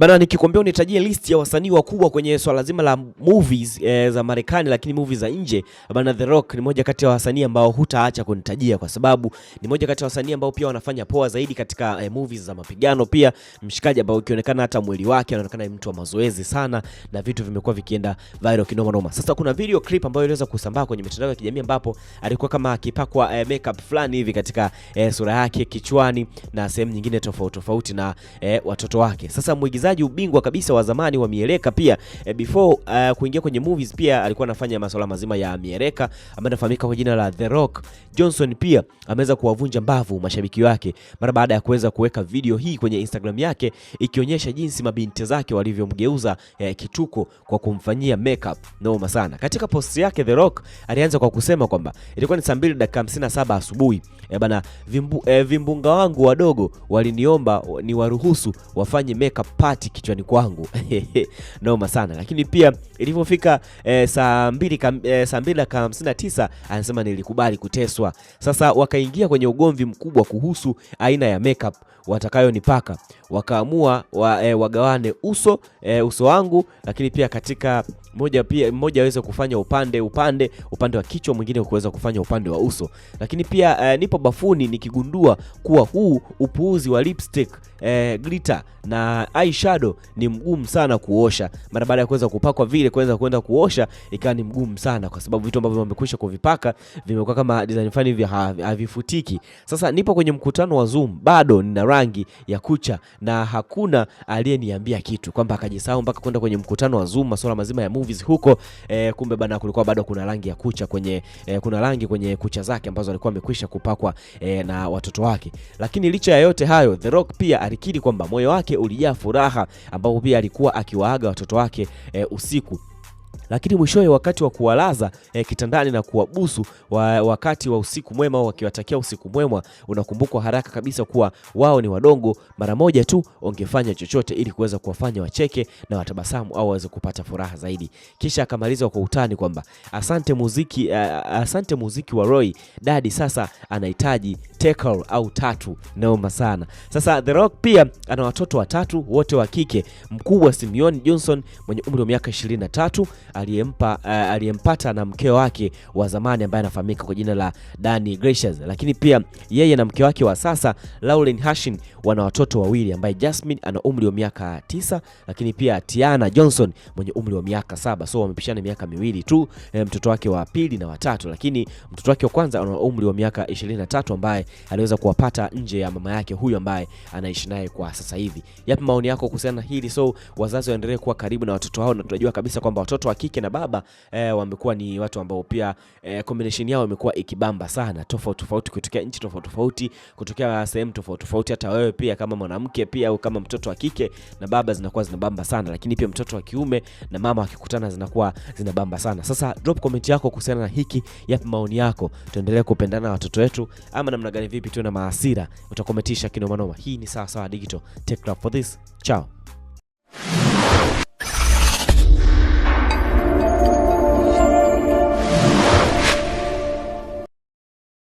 Bana, nikikwambia unitajie list ya wasanii wakubwa kwenye swala zima la movies e, za Marekani lakini movies za nje bana, The Rock ni moja kati ya wasanii ambao hutaacha kunitajia kwa sababu ni moja kati ya wasanii ambao pia wanafanya poa zaidi katika e, movies za mapigano. Pia mshikaji ambao ukionekana hata mwili wake anaonekana ni mtu wa mazoezi sana, na vitu vimekuwa vikienda viral kinoma noma. Sasa kuna video clip ambayo iliweza kusambaa kwenye mitandao ya kijamii ambapo alikuwa kama akipakwa e, makeup fulani hivi katika e, sura yake, kichwani na sehemu nyingine tofauti tofauti na e, watoto wake. Sasa mwigizaji mchezaji ubingwa kabisa wa zamani wa mieleka pia e, before uh, kuingia kwenye movies pia alikuwa anafanya masuala mazima ya mieleka ambaye anafahamika kwa jina la The Rock Johnson. Pia ameweza kuwavunja mbavu mashabiki wake mara baada ya kuweza kuweka video hii kwenye Instagram yake ikionyesha jinsi mabinti zake walivyomgeuza eh, kituko kwa kumfanyia makeup noma sana. Katika post yake The Rock alianza kwa kusema kwamba ilikuwa ni saa 2 dakika 57 asubuhi e, bana vimbu, eh, vimbunga wangu wadogo waliniomba ni waruhusu wafanye makeup mati kichwani kwangu noma sana. Lakini pia ilivyofika eh, saa mbili eh, saa mbili dakika hamsini na tisa anasema nilikubali kuteswa. Sasa wakaingia kwenye ugomvi mkubwa kuhusu aina ya makeup watakayonipaka, wakaamua wa, eh, wagawane uso eh, uso wangu, lakini pia katika moja pia mmoja aweze kufanya upande upande upande wa kichwa, mwingine kuweza kufanya upande wa uso. Lakini pia eh, nipo bafuni nikigundua kuwa huu upuuzi wa lipstick eh, glitter na eyeshadow ni mgumu sana kuosha. Mara baada ya kuweza kupakwa vile kuweza kwenda kuosha ikawa ni mgumu sana, kwa sababu vitu ambavyo wamekwisha kuvipaka vimekuwa kama design fani hivi havifutiki. Sasa nipo kwenye mkutano wa Zoom, bado nina rangi ya kucha na hakuna aliyeniambia kitu kwamba akajisahau mpaka kwenda kwenye mkutano wa Zoom, masuala mazima ya movie movies huko e, kumbe bana kulikuwa bado kuna rangi ya kucha kwenye e, kuna rangi kwenye kucha zake ambazo alikuwa amekwisha kupakwa e, na watoto wake. Lakini licha ya yote hayo, The Rock pia alikiri kwamba moyo wake ulijaa furaha, ambapo pia alikuwa akiwaaga watoto wake e, usiku lakini mwishowe wakati wa kuwalaza eh, kitandani na kuwabusu wa, wakati wa usiku mwema au wakiwatakia usiku mwema, unakumbukwa haraka kabisa kuwa wao ni wadogo. Mara moja tu ungefanya chochote ili kuweza kuwafanya wacheke na watabasamu au waweze kupata furaha zaidi. Kisha akamaliza kwa utani kwamba asante muziki, uh, asante muziki wa Roy Dadi sasa anahitaji tackle au tatu. Naomba sana. Sasa The Rock pia ana watoto watatu wote wa kike, mkubwa Simeon Johnson mwenye umri wa miaka 23 aliyempa uh, aliyempata na mke wake wa zamani ambaye anafahamika kwa jina la Danny Gracious, lakini pia yeye na mke wake wa sasa Lauren Hashin wana watoto wawili, ambaye Jasmine ana umri wa miaka tisa, lakini pia Tiana Johnson mwenye umri wa miaka saba. So wamepishana miaka miwili tu, eh, mtoto wake wa pili na watatu, lakini mtoto wake wa kwanza ana umri wa miaka 23 ambaye aliweza kuwapata nje ya mama yake huyu ambaye anaishi naye kwa sasa hivi. Yapi maoni yako kuhusiana na hili? So wazazi waendelee kuwa karibu na watoto wao na tunajua kabisa kwamba watoto wa kike na baba eh, wamekuwa ni watu ambao pia eh, combination yao imekuwa ikibamba sana, tofauti tofauti, kutokea nchi tofauti tofauti, kutokea sehemu tofauti tofauti. Hata wewe pia kama mwanamke pia au kama mtoto wa kike na baba zinakuwa zinabamba sana, lakini pia mtoto wa kiume na mama wakikutana zinakuwa zinabamba sana. Sasa drop comment yako kuhusiana na hiki, yapi maoni yako? Tuendelee kupendana watoto wetu ama namna gani? Vipi tu na maasira utakometisha kinomanoma? Hii ni sawa sawa digital. Take care for this. Ciao.